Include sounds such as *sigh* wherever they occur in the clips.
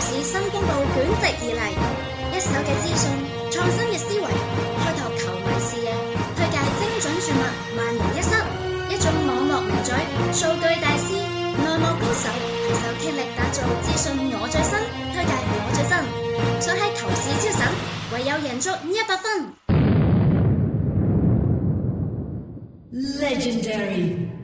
市新公布捲席而嚟，一手嘅資訊，創新嘅思維，開拓球迷視野，推介精準注物，萬無一失。一種網絡名嘴，數據大師，內幕高手，攜手傾力打造資訊我最新，推介我最真，想喺投市超神，唯有贏足一百分。Legendary。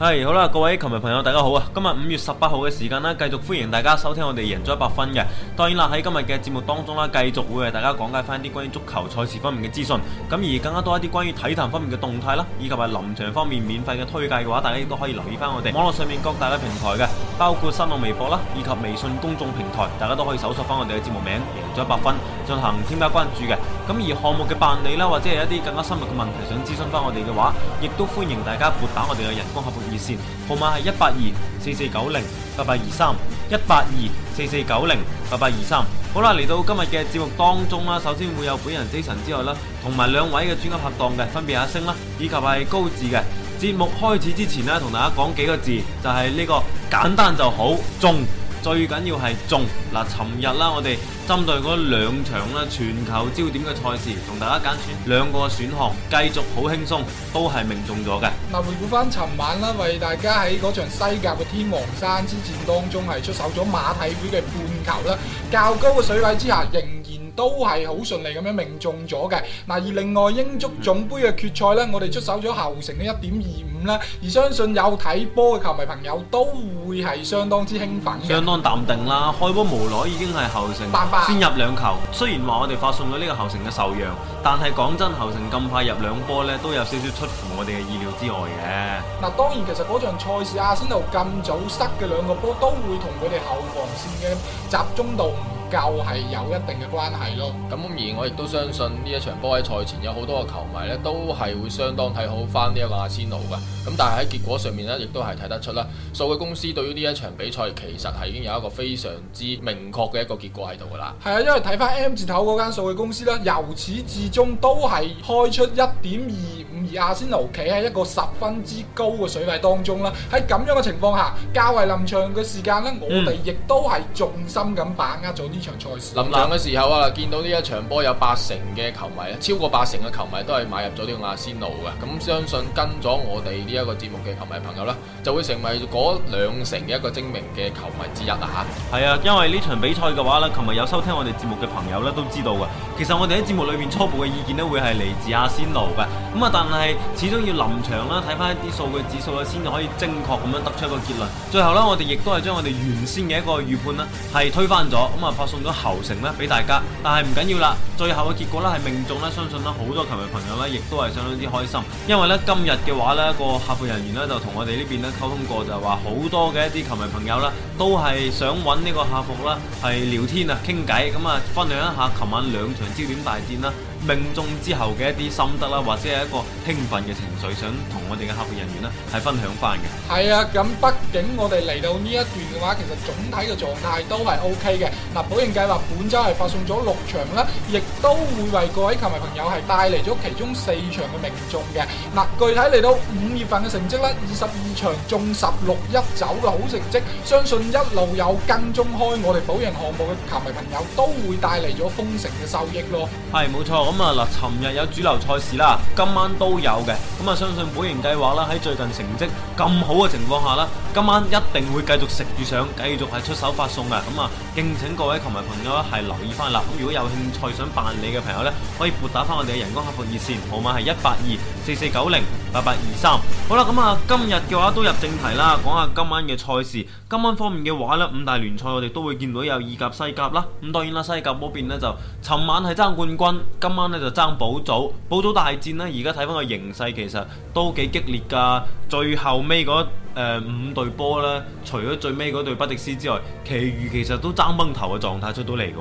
係好啦，各位球迷朋友，大家好啊！今日五月十八號嘅時間啦，繼續歡迎大家收聽我哋贏足 100FUN 嘅。當然啦，喺今日嘅節目當中啦，繼續會為大家講解翻啲關於足球賽事方面嘅資訊。咁而更加多一啲關於體壇方面嘅動態啦，以及係臨場方面免費嘅推介嘅話，大家亦都可以留意翻我哋網絡上面各大嘅平台嘅，包括新浪微博啦，以及微信公眾平台，大家都可以搜索翻我哋嘅節目名贏足 100FUN 進行添加關注嘅。咁而項目嘅辦理啦，或者係一啲更加深入嘅問題，想諮詢翻我哋嘅話，亦都歡迎大家撥打我哋嘅人工客服熱線，號碼係一八二四四九零八八二三，一八二四四九零八八二三。好啦，嚟到今日嘅節目當中啦，首先會有本人 Jason 之外啦，同埋兩位嘅專家拍檔嘅，分別阿星啦，以及係高智嘅。節目開始之前呢，同大家講幾個字，就係呢個簡單就好。中最緊要係中嗱，尋日啦，我哋針對嗰兩場啦，全球焦點嘅賽事，同大家揀選兩個選項，繼續好輕鬆，都係命中咗嘅。嗱，回顧翻尋晚啦，為大家喺嗰場西甲嘅天王山之戰當中係出手咗馬體會嘅半球啦，較高嘅水位之下，仍然都係好順利咁樣命中咗嘅。嗱，而另外英足總杯嘅決賽咧，我哋出手咗侯城嘅一點二。而相信有睇波嘅球迷朋友都會係相當之興奮，相當淡定啦，開波無奈已經係侯城，先入兩球。雖然話我哋發送咗呢個侯城嘅受讓，但係講真，侯城咁快入兩波咧，都有少少出乎我哋嘅意料之外嘅。嗱，當然其實嗰場賽事阿仙奴咁早失嘅兩個波，都會同佢哋後防線嘅集中度就係、是、有一定嘅關係咯。咁而我亦都相信呢一場波喺賽前有好多個球迷呢，都係會相當睇好翻呢個阿仙奴嘅。咁但係喺結果上面呢，亦都係睇得出啦。數據公司對於呢一場比賽其實係已經有一個非常之明確嘅一個結果喺度噶啦。係啊，因為睇翻 M 字頭嗰間數據公司呢，由始至終都係開出一點二。而阿仙奴企喺一個十分之高嘅水位當中啦，喺咁樣嘅情況下，較為臨場嘅時間呢、嗯，我哋亦都係重心咁把握咗呢場賽事。臨場嘅時候啊，見到呢一場波有八成嘅球迷咧，超過八成嘅球迷都係買入咗呢個阿仙奴嘅。咁相信跟咗我哋呢一個節目嘅球迷朋友咧，就會成為嗰兩成嘅一個精明嘅球迷之一啦吓，係啊，因為呢場比賽嘅話呢，琴日有收聽我哋節目嘅朋友咧都知道嘅，其實我哋喺節目裏面初步嘅意見呢，會係嚟自阿仙奴嘅。咁啊，但係。係始終要臨場啦，睇翻一啲數據指數啦，先可以精確咁樣得出一個結論。最後呢，我哋亦都係將我哋原先嘅一個預判啦，係推翻咗，咁啊發送咗後程咧俾大家。但係唔緊要啦，最後嘅結果咧係命中咧，相信咧好多球迷朋友呢亦都係相當之開心，因為呢今日嘅話呢，個客服人員呢就同我哋呢邊咧溝通過，就話好多嘅一啲球迷朋友啦，都係想揾呢個客服啦係聊天啊，傾偈咁啊，分享一下琴晚兩場焦點大戰啦。命中之後嘅一啲心得啦，或者係一個興奮嘅情緒，想同我哋嘅客服人員咧係分享翻嘅。係啊，咁畢竟我哋嚟到呢一段嘅話，其實總體嘅狀態都係 OK 嘅。嗱，保盈計劃本週係發送咗六場啦，亦都會為各位球迷朋友係帶嚟咗其中四場嘅命中嘅。嗱，具體嚟到五月份嘅成績咧，二十二場中十六一走嘅好成績，相信一路有跟蹤開我哋保盈項目嘅球迷朋友都會帶嚟咗豐盛嘅收益咯。係，冇錯。咁啊！嗱，尋日有主流賽事啦，今晚都有嘅。咁啊，相信保盈計劃啦，喺最近成績咁好嘅情況下啦，今晚一定會繼續食住上，繼續係出手發送嘅。咁啊，敬請各位球迷朋友呢，係留意翻啦。咁如果有興趣想辦理嘅朋友呢，可以撥打翻我哋嘅人工客服熱線，號碼係一八二四四九零八八二三。好啦，咁啊，今日嘅話都入正題啦，講下今晚嘅賽事。今晚方面嘅話呢，五大聯賽我哋都會見到有意甲、西甲啦。咁當然啦，西甲嗰邊呢，就尋晚係爭冠軍，今晚。咧就爭保組保組大戰啦！而家睇翻個形勢，其實都幾激烈噶。最後尾嗰、那個、～誒、呃，五對波咧，除咗最尾嗰對不敵斯之外，其餘其實都爭崩頭嘅狀態出到嚟嘅。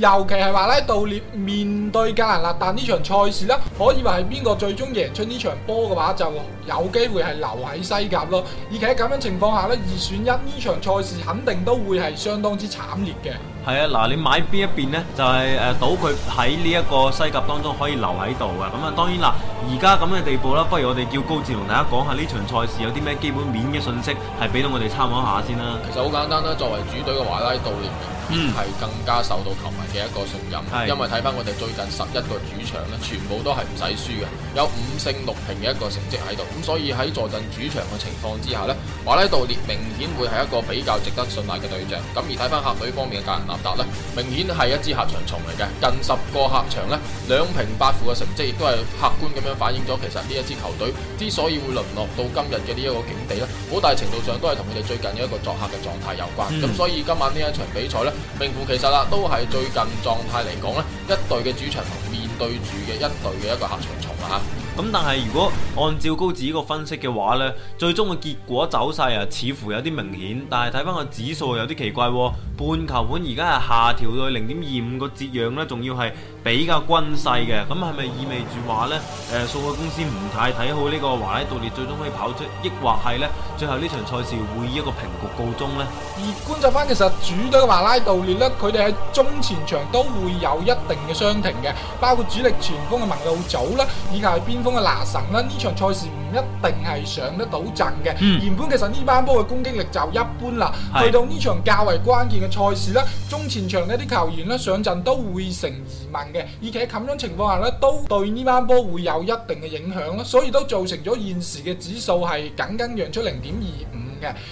尤其係話咧，到面對格蘭納達呢場賽事啦，可以話係邊個最終贏出呢場波嘅話，就有機會係留喺西甲咯。而且咁樣情況下咧，二選一呢場賽事肯定都會係相當之慘烈嘅。係啊，嗱，你買邊一邊呢，就係、是、誒，賭佢喺呢一個西甲當中可以留喺度啊。咁啊，當然啦，而家咁嘅地步啦，不如我哋叫高志同大家講下呢場賽事有啲咩基本面。啲信息係俾到我哋參考下先啦。其實好簡單啦，作為主隊嘅華拉道列，嗯，係更加受到球迷嘅一個信任。因為睇翻我哋最近十一個主場呢，全部都係唔使輸嘅，有五勝六平嘅一個成績喺度。咁所以喺坐鎮主場嘅情況之下呢，華拉道列明顯會係一個比較值得信賴嘅對象。咁而睇翻客隊方面嘅格蘭納達呢，明顯係一支客場蟲嚟嘅。近十個客場呢，兩平八負嘅成績亦都係客觀咁樣反映咗其實呢一支球隊之所以會淪落到今日嘅呢一個境地咧。好大程度上都係同佢哋最近嘅一個作客嘅狀態有關，咁、嗯、所以今晚呢一場比賽呢，名副其實啦，都係最近狀態嚟講呢，一隊嘅主場同面對住嘅一隊嘅一個客場重啦。咁、嗯、但係如果按照高子個分析嘅話呢，最終嘅結果走勢啊，似乎有啲明顯，但係睇翻個指數有啲奇怪、哦，半球盤而家係下調到零點二五個折讓呢，仲要係。比較均勢嘅，咁係咪意味住話咧？誒，數據公司唔太睇好呢個華拉道列最終可以跑出，抑或係咧最後呢場賽事會以一個平局告終咧？而觀察翻，其實主隊嘅華拉道列咧，佢哋喺中前場都會有一定嘅傷停嘅，包括主力前鋒嘅文路祖啦，以及係邊鋒嘅拿神啦，呢場賽事。一定係上得到陣嘅、嗯，原本其實呢班波嘅攻擊力就一般啦。去到呢場較為關鍵嘅賽事啦，中前場呢啲球員咧上陣都會成疑問嘅，而且咁樣情況下咧，都對呢班波會有一定嘅影響啦，所以都造成咗現時嘅指數係僅僅讓出零點二五。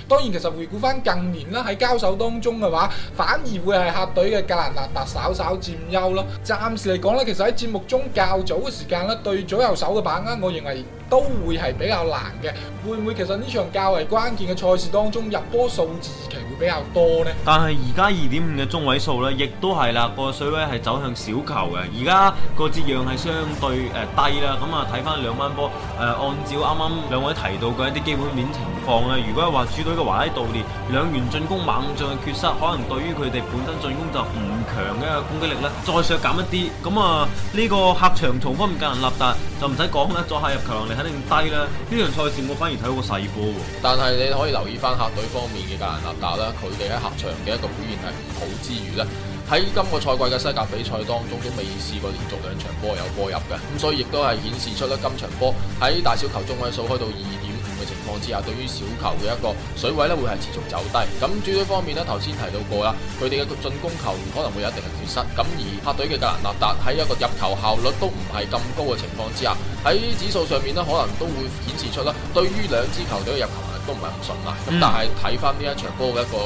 當然，其實回顧翻近年啦，喺交手當中嘅話，反而會係客隊嘅格蘭達達稍稍佔優咯。暫時嚟講呢，其實喺節目中較早嘅時間呢，對左右手嘅把握，我認為都會係比較難嘅。會唔會其實呢場較為關鍵嘅賽事當中入波數字期會比較多呢？但係而家二點五嘅中位數呢，亦都係啦，個水位係走向小球嘅。而家個節量係相對誒低啦。咁啊，睇翻兩班波誒，按照啱啱兩位提到嘅一啲基本面情況咧，如果話。主隊嘅華喺道練，兩員進攻猛將嘅缺失，可能對於佢哋本身進攻就唔強嘅攻擊力咧。再削減一啲，咁啊呢個客場從方唔格蘭納達就唔使講啦，再下入球能力肯定低啦。呢場賽事我反而睇到個細波，但係你可以留意翻客隊方面嘅格蘭納達啦，佢哋喺客場嘅一個表現係唔好之餘咧，喺今個賽季嘅西甲比賽當中都未試過連續兩場波有波入嘅，咁所以亦都係顯示出咧今場波喺大小球中位數開到二點。之下，對於小球嘅一個水位咧，會係持續走低。咁主隊方面呢，頭先提到過啦，佢哋嘅進攻球員可能會有一定嘅缺失。咁而客隊嘅格蘭納達喺一個入球效率都唔係咁高嘅情況之下，喺指數上面呢，可能都會顯示出啦，對於兩支球隊嘅入球都唔係咁順啦。咁但係睇翻呢一場波嘅一個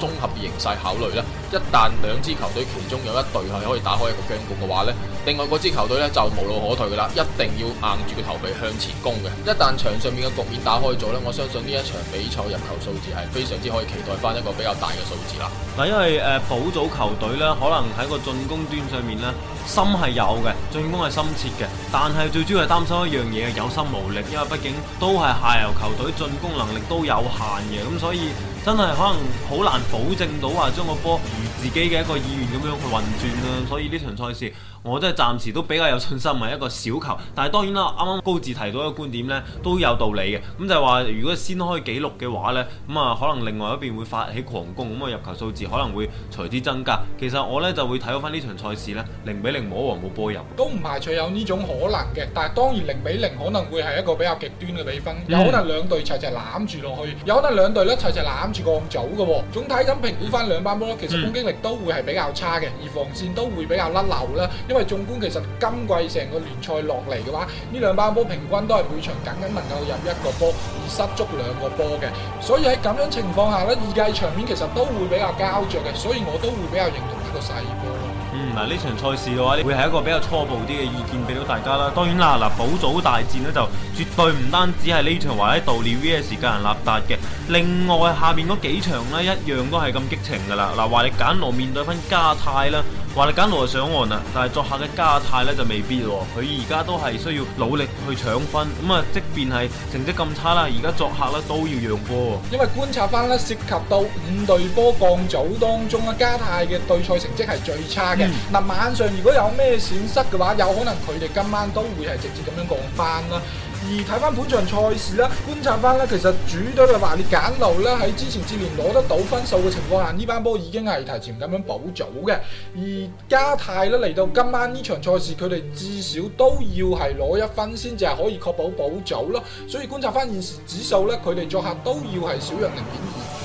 綜合形勢考慮呢。一旦兩支球隊其中有一隊係可以打開一個僵局嘅話呢，另外嗰支球隊呢就無路可退噶啦，一定要硬住個頭皮向前攻嘅。一旦場上面嘅局面打開咗呢，我相信呢一場比賽入球數字係非常之可以期待返一個比較大嘅數字啦。嗱，因為誒保組球隊呢可能喺個進攻端上面呢，心係有嘅，進攻係心切嘅，但係最主要係擔心一樣嘢有心無力，因為畢竟都係下游球隊進攻能力都有限嘅，咁所以。真係可能好難保證到話將個波。自己嘅一個意願咁樣去運轉啦，所以呢場賽事我真係暫時都比較有信心係一個小球，但係當然啦，啱啱高志提到一個觀點呢，都有道理嘅，咁就係話如果先開紀錄嘅話呢，咁啊可能另外一邊會發起狂攻，咁個入球數字可能會隨之增加。其實我呢，就會睇到翻呢場賽事呢，零比零冇王，冇波入，都唔排除有呢種可能嘅，但係當然零比零可能會係一個比較極端嘅比分，嗯，有可能兩隊齊齊攬住落去，有可能兩隊一齊齊攬住咁早嘅喎，哦。總體咁評估翻兩班波咧，其實攻擊力，嗯，都會係比較差嘅，而防線都會比較甩漏啦。因為縱觀其實今季成個聯賽落嚟嘅話，呢兩班波平均都係每場僅僅能夠入一個波，而失足兩個波嘅。所以喺咁樣情況下呢二界場面其實都會比較膠着嘅，所以我都會比較認同呢個細波。嗯，嗱呢場賽事嘅話，會係一個比較初步啲嘅意見俾到大家啦。當然啦，嗱保組大戰呢，就絕對唔單止係呢場華歷道利 V.S. 格蘭納達嘅，另外下面嗰幾場呢，一樣都係咁激情㗎喇。嗱華歷簡羅面對翻加泰啦，華歷簡羅上岸啦，但係作客嘅加泰呢，就未必喎、哦。佢而家都係需要努力去搶分。咁啊，即便係成績咁差啦，而家作客呢，都要讓波。因為觀察翻咧，涉及到五隊波降組當中咧，加泰嘅對賽成績係最差。嗱 *noise* 晚上如果有咩損失嘅話，有可能佢哋今晚都會係直接咁樣降班啦。而睇翻本場賽事咧，觀察翻咧，其實主隊嘅話，你簡路咧喺之前至連攞得到分數嘅情況下，呢班波已經係提前咁樣保組嘅。而加泰咧嚟到今晚呢場賽事，佢哋至少都要係攞一分先至係可以確保保組咯。所以觀察翻現時指數咧，佢哋作客都要係小約零點二。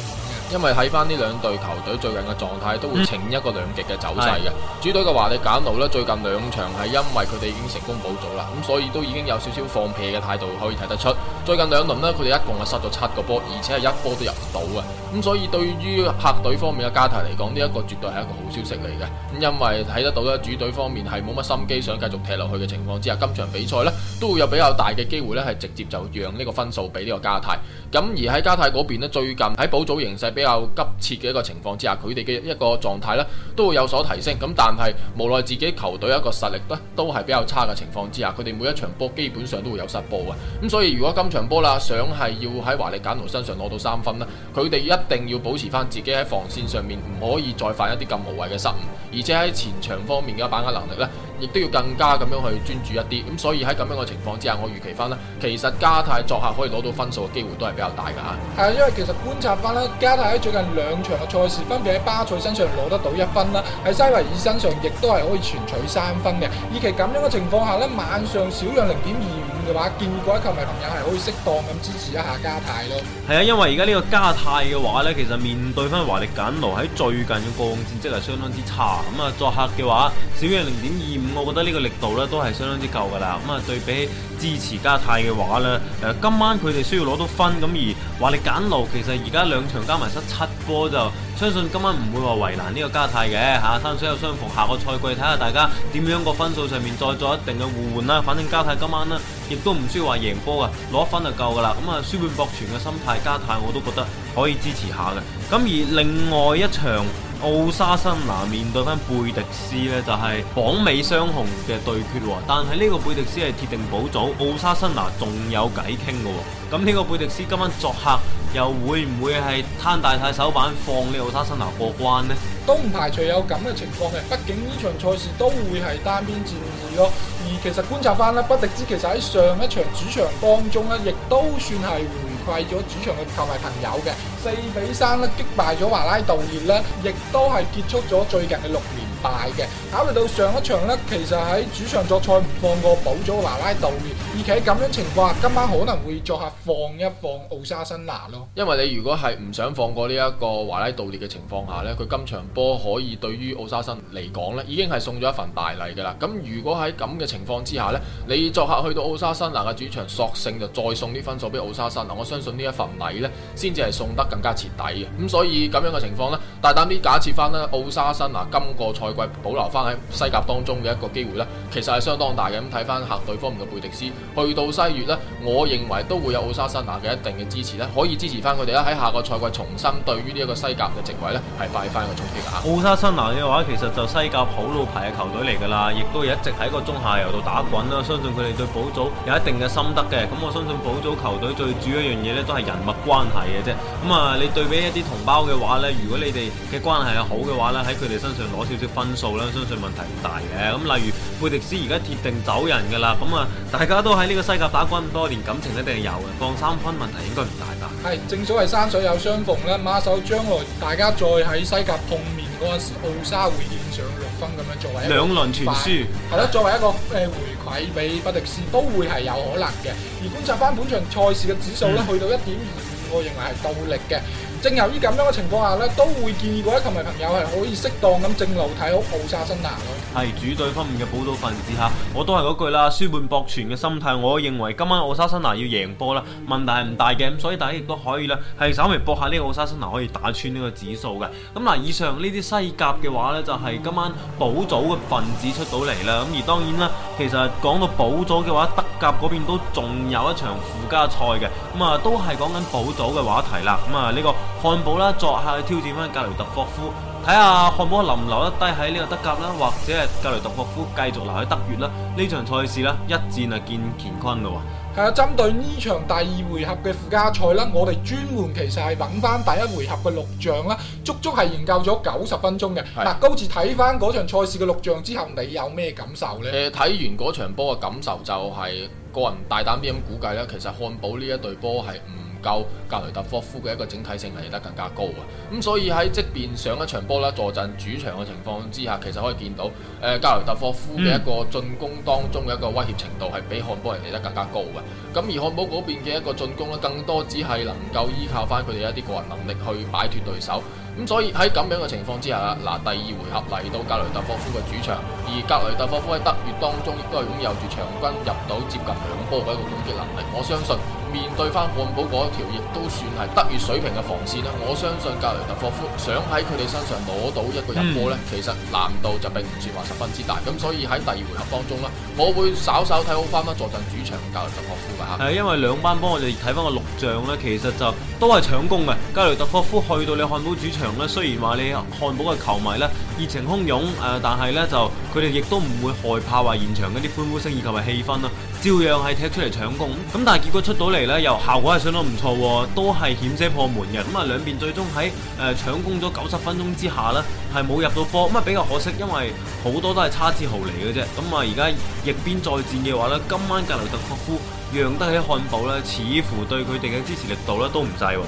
因為睇翻呢兩隊球隊最近嘅狀態都會呈一個兩極嘅走勢嘅，主隊嘅話你簡到呢最近兩場係因為佢哋已經成功保組啦，咁所以都已經有少少放屁嘅態度可以睇得出。最近兩輪呢，佢哋一共係失咗七個波，而且係一波都入唔到嘅，咁所以對於客隊方面嘅加泰嚟講，呢一個絕對係一個好消息嚟嘅。咁因為睇得到呢，主隊方面係冇乜心機想繼續踢落去嘅情況之下，今場比賽呢都會有比較大嘅機會呢係直接就讓呢個分數俾呢個加泰。咁而喺加泰嗰邊呢，最近喺保組形勢比較急切嘅一個情況之下，佢哋嘅一個狀態呢都會有所提升。咁但係無奈自己球隊一個實力呢都係比較差嘅情況之下，佢哋每一場波基本上都會有失波嘅。咁所以如果今場波啦，想係要喺華麗簡奴身上攞到三分呢，佢哋一定要保持翻自己喺防線上面唔可以再犯一啲咁無謂嘅失誤，而且喺前場方面嘅把握能力呢亦都要更加咁樣去專注一啲，咁所以喺咁樣嘅情況之下，我預期翻呢，其實加泰作客可以攞到分數嘅機會都係比較大噶嚇。係，因為其實觀察翻呢，加泰喺最近兩場嘅賽事，分別喺巴塞身上攞得到一分啦，喺西維爾身上亦都係可以全取三分嘅。以其咁樣嘅情況下呢，晚上少讓零點二，嘅話，見過球迷朋友係可以適當咁支持一下加泰咯。係啊，因為而家呢個加泰嘅話咧，其實面對翻華力簡奴喺最近嘅過往戰績係相當之差。咁啊，作客嘅話，小贏零點二五，我覺得呢個力度咧，都係相當之夠噶啦。咁啊，對比起支持加泰嘅話咧，誒，今晚佢哋需要攞到分，咁而華力簡奴其實而家兩場加埋失七波就。相信今晚唔會話為難呢個加泰嘅吓、啊，山水有相逢，下個賽季睇下大家點樣個分數上面再作一定嘅互換啦。反正加泰今晚呢，亦都唔需要話贏波啊，攞分就夠噶啦。咁啊，輸半博全嘅心態，加泰我都覺得可以支持一下嘅。咁而另外一場奧沙辛拿面對翻貝迪斯呢，就係、是、榜尾雙雄嘅對決喎。但係呢個貝迪斯係鐵定保組，奧沙辛拿仲有偈傾噶。咁呢個貝迪斯今晚作客。又會唔會係攤大太手板放呢奧沙辛拿過關呢？都唔排除有咁嘅情況嘅，畢竟呢場賽事都會係單邊戰意囉。而其實觀察返呢，不敵之其實喺上一場主場當中呢，亦都算係回饋咗主場嘅球迷朋友嘅。四比三啦，擊敗咗華拉道列呢亦都係結束咗最近嘅六連敗嘅。考慮到上一場呢，其實喺主場作賽唔放過保咗華拉道列，而且咁樣情況下，今晚可能會作客放一放奧沙辛拿咯。因為你如果係唔想放過呢一個華拉道列嘅情況下呢，佢今場波可以對於奧沙辛嚟講呢已經係送咗一份大禮噶啦。咁如果喺咁嘅情況之下呢，你作客去到奧沙辛拿嘅主場索性就再送啲分數俾奧沙辛拿。我相信呢一份禮呢先至係送得。更加徹底嘅咁，所以咁樣嘅情況呢，大膽啲假設翻咧，奧沙辛拿今個賽季保留翻喺西甲當中嘅一個機會咧，其實係相當大嘅。咁睇翻客隊方面嘅貝迪斯，去到西乙呢，我認為都會有奧沙辛拿嘅一定嘅支持咧，可以支持翻佢哋咧喺下個賽季重新對於呢一個西甲嘅席位咧，係快翻個衝擊啊！奧沙辛拿嘅話，其實就西甲普老牌嘅球隊嚟㗎啦，亦都一直喺個中下游度打滾啦。相信佢哋對保組有一定嘅心得嘅。咁我相信保組球隊最主要一樣嘢呢，都係人物關係嘅啫。咁啊～啊！你對比一啲同胞嘅話咧，如果你哋嘅關係係好嘅話咧，喺佢哋身上攞少少分數咧，相信問題唔大嘅。咁例如貝迪斯而家鐵定走人噶啦，咁啊，大家都喺呢個西甲打軍咁多年，感情一定係有嘅。放三分問題應該唔大吧？係，正所謂山水有相逢咧，馬首將來大家再喺西甲碰面嗰陣時，奧沙會點上六分咁樣作為兩輪全輸係咯，作為一個誒、呃、回饋俾貝迪斯都會係有可能嘅。而觀察翻本場賽事嘅指數咧，去到一點二。我認為係夠力嘅。正由於咁樣嘅情況下呢都會建議嗰啲球迷朋友係可以適當咁正路睇好奧沙辛拿嘅。係主隊方面嘅保組分子下我都係嗰句啦，輸半博全嘅心態。我認為今晚奧沙辛拿要贏波啦，問題係唔大嘅。咁所以大家亦都可以啦，係稍微博下呢個奧沙辛拿可以打穿呢個指數嘅。咁嗱，以上呢啲西甲嘅話呢，就係、是、今晚保組嘅分子出到嚟啦。咁而當然啦，其實講到保組嘅話，德甲嗰邊都仲有一場附加賽嘅。咁啊，都係講緊保組嘅話題啦。咁啊，呢、這個。漢堡啦，作客去挑戰翻格雷特霍夫，睇下漢堡能留得低喺呢個德甲啦，或者係格雷特霍夫繼續留喺德乙啦。一場賽呢場賽事啦，一戰啊見乾坤咯。係啊，針對呢場第二回合嘅附加賽啦，我哋專門其實係揾翻第一回合嘅錄像啦，足足係研究咗九十分鐘嘅。嗱，高志睇翻嗰場賽事嘅錄像之後，你有咩感受咧？誒，睇完嗰場波嘅感受就係、是、個人大膽啲咁估計啦。其實漢堡呢一隊波係唔。夠格雷特霍夫嘅一個整體性嚟得更加高啊。咁所以喺即便上一場波啦，坐鎮主場嘅情況之下，其實可以見到誒、呃、格雷特霍夫嘅一個進攻當中嘅一個威脅程度係比漢堡人嚟得更加高嘅，咁而漢堡嗰邊嘅一個進攻呢，更多只係能夠依靠翻佢哋一啲個人能力去擺脫對手，咁所以喺咁樣嘅情況之下啊，嗱，第二回合嚟到格雷特霍夫嘅主場，而格雷特霍夫喺德乙當中亦都係擁有住場均入到接近兩波嘅一個攻擊能力，我相信。面對翻漢堡嗰條，亦都算係德乙水平嘅防線啦。我相信格雷特霍夫想喺佢哋身上攞到一個入波呢、嗯，其實難度就並唔算話十分之大。咁所以喺第二回合當中呢，我會稍稍睇好翻啦。坐鎮主場嘅格雷特霍夫嘅。因為兩班幫我哋睇翻個錄像呢，其實就都係搶攻嘅。格雷特霍夫去到你漢堡主場呢，雖然話你漢堡嘅球迷呢，熱情洶湧，誒，但係呢，就佢哋亦都唔會害怕話現場嗰啲歡呼聲以及氣氛啊，照樣係踢出嚟搶攻。咁但係結果出到嚟。咧又效果係相當唔錯，都係險些破門嘅。咁啊，兩邊最終喺誒搶攻咗九十分鐘之下呢，係冇入到波。咁啊，比較可惜，因為好多都係差之毫厘嘅啫。咁啊，而家逆邊再戰嘅話呢，今晚格雷特霍夫讓得起漢堡呢，似乎對佢哋嘅支持力度咧都唔濟。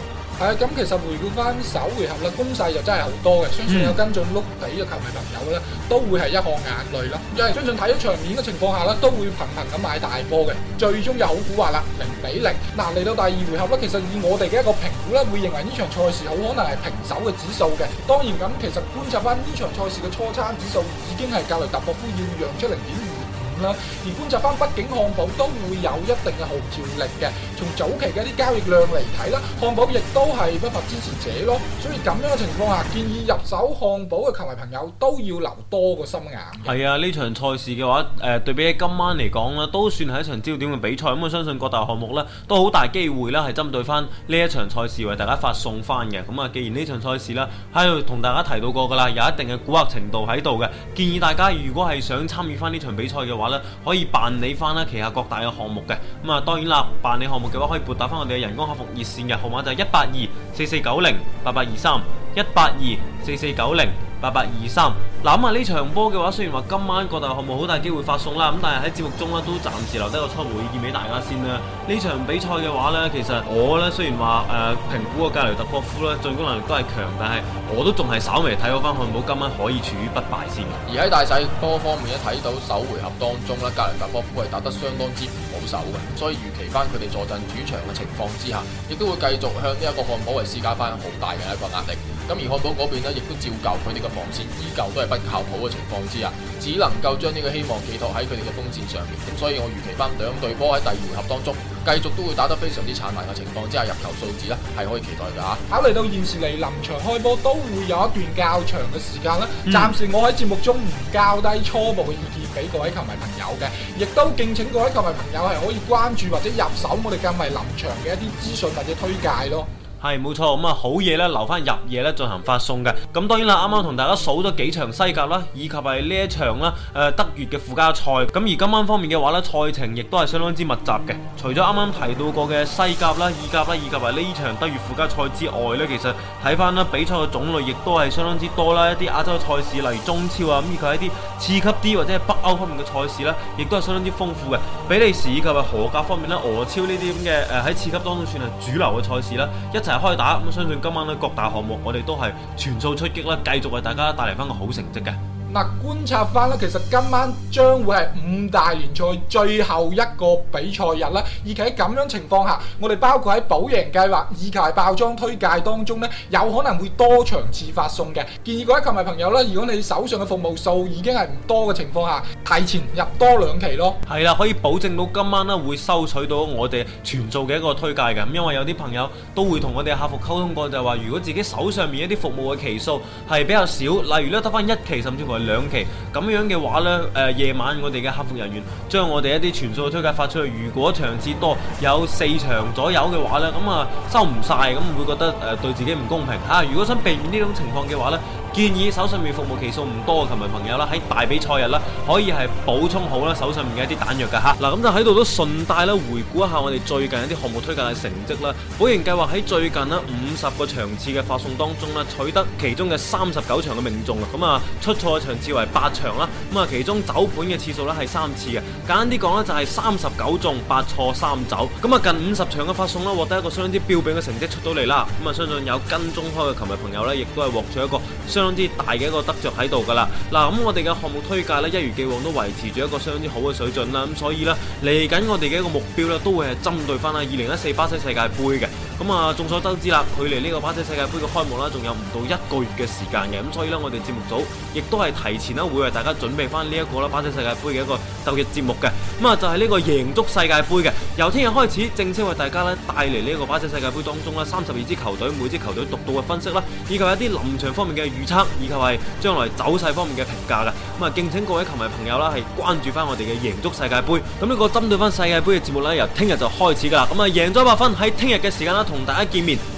係啊，咁其實回顧翻首回合啦，攻勢就真係好多嘅，相信有跟進碌底嘅球迷朋友咧，都會係一汗眼淚啦。相信睇咗場面嘅情況下咧，都會頻頻咁買大波嘅，最終又好蠱惑啦，零比零。嗱、啊、嚟到第二回合咧，其實以我哋嘅一個評估咧，會認為呢場賽事好可能係平手嘅指數嘅。當然咁，其實觀察翻呢場賽事嘅初盤指數，已經係格雷特博夫要讓出零點五。而觀察翻北境漢堡都會有一定嘅號召力嘅，從早期嘅啲交易量嚟睇啦，漢堡亦都係不乏支持者咯。所以咁樣嘅情況下，建議入手漢堡嘅球迷朋友都要留多個心眼。係啊，呢場賽事嘅話，誒、呃、對比起今晚嚟講啦，都算係一場焦點嘅比賽。咁、嗯、啊，我相信各大項目咧都好大機會啦，係針對翻呢一場賽事為大家發送翻嘅。咁、嗯、啊，既然呢場賽事啦喺度同大家提到過噶啦，有一定嘅蠱惑程度喺度嘅，建議大家如果係想參與翻呢場比賽嘅話，話咧可以辦理翻啦，旗下各大嘅項目嘅。咁啊，當然啦辦理項目嘅話可以撥打翻我哋嘅人工客服熱線嘅號碼就係一八二四四九零八八二三一八二四四九零，八八二三，嗱咁啊呢場波嘅話，雖然話今晚各大漢目好大機會發送啦，咁但係喺節目中咧都暫時留低個初步意見俾大家先啦。呢場比賽嘅話呢，其實我呢，雖然話誒評估個格雷特科夫呢進攻能力都係強，但係我都仲係稍微睇到翻漢堡今晚可以處於不敗先。而喺大細波方面一睇到首回合當中呢，格雷特科夫係打得相當之唔保守嘅，所以預期翻佢哋坐鎮主場嘅情況之下，亦都會繼續向呢一個漢堡係施加翻好大嘅一個壓力。咁而漢堡嗰邊咧，亦都照舊，佢哋嘅防線依舊都係不靠譜嘅情況之下，只能夠將呢個希望寄託喺佢哋嘅鋒線上面。咁所以，我預期翻兩隊波喺第二回合當中，繼續都會打得非常之艱難嘅情況之下，入球數字咧係可以期待㗎。嚇。考慮到現時嚟臨場開波都會有一段較長嘅時間、嗯、暫時我喺節目中唔交低初步嘅意見俾各位球迷朋友嘅，亦都敬請各位球迷朋友係可以關注或者入手我哋近日臨場嘅一啲資訊或者推介咯。係冇錯，咁啊好嘢咧，留翻入夜咧進行發送嘅。咁當然啦，啱啱同大家數咗幾場西甲啦，以及係呢一場啦，誒、呃、德乙嘅附加賽。咁而今晚方面嘅話呢，賽程亦都係相當之密集嘅。除咗啱啱提到過嘅西甲啦、意甲啦、以及係呢場德乙附加賽之外呢，其實睇翻啦比賽嘅種類亦都係相當之多啦。一啲亞洲嘅賽事，例如中超啊，咁以及一啲次級啲或者係北歐方面嘅賽事啦，亦都係相當之豐富嘅。比利時以及係荷甲方面呢，俄超呢啲咁嘅誒喺次級當中算係主流嘅賽事啦，一齊。開打相信今晚嘅各大項目我哋都係全數出擊啦繼續為大家帶嚟翻個好成績嘅嗱，觀察翻咧，其實今晚將會係五大聯賽最後一個比賽日啦。而喺咁樣情況下，我哋包括喺保贏計劃以及爆裝推介當中呢，有可能會多場次發送嘅。建議各位球迷朋友咧，如果你手上嘅服務數已經係唔多嘅情況下，提前入多兩期咯。係啦，可以保證到今晚呢會收取到我哋全做嘅一個推介嘅，因為有啲朋友都會同我哋客服溝通過，就係話如果自己手上面一啲服務嘅期數係比較少，例如咧得翻一期甚至乎兩期咁樣嘅話咧，誒、呃，夜晚我哋嘅客服人員將我哋一啲全數推介發出去，如果場次多有四場左右嘅話咧，咁啊收唔晒，咁會覺得誒對自己唔公平嚇、啊。如果想避免呢種情況嘅話咧，建議手上面服務期數唔多嘅球迷朋友啦，喺大比賽日啦，可以係補充好啦，手上面嘅一啲彈藥嘅嚇。嗱、啊、咁就喺度都順帶啦，回顧一下我哋最近一啲項目推介嘅成績啦。保盈計劃喺最近呢五十個場次嘅發送當中啦，取得其中嘅三十九場嘅命中啦。咁啊出錯嘅場次為八場啦。咁啊其中走本嘅次數咧，係三次嘅。簡單啲講咧，就係三十九中八錯三走。咁啊近五十場嘅發送咧，獲得一個相當之彪炳嘅成績出到嚟啦。咁啊相信有跟蹤開嘅球迷朋友咧，亦都係獲取一個相。相當之大嘅一個得着喺度噶啦，嗱、啊、咁我哋嘅項目推介呢，一如既往都維持住一個相當之好嘅水準啦，咁所以呢，嚟緊我哋嘅一個目標呢，都會係針對翻啦二零一四巴西世界盃嘅。咁啊，眾所周知啦，距離呢個巴西世界杯嘅開幕啦，仲有唔到一個月嘅時間嘅，咁所以呢，我哋節目組亦都係提前啦，會為大家準備翻呢一個啦，巴西世界杯嘅一個就業節目嘅。咁啊，就係、是、呢個贏足世界杯嘅，由聽日開始，正式為大家咧帶嚟呢個巴西世界杯當中咧三十二支球隊，每支球隊獨到嘅分析啦，以及一啲臨場方面嘅預測，以及係將來走勢方面嘅評價嘅。咁啊，敬請各位球迷朋友啦，係關注翻我哋嘅贏足世界杯。咁、這、呢個針對翻世界杯嘅節目咧，由聽日就開始噶啦。咁啊，贏咗一百分喺聽日嘅時間啦同大家見面。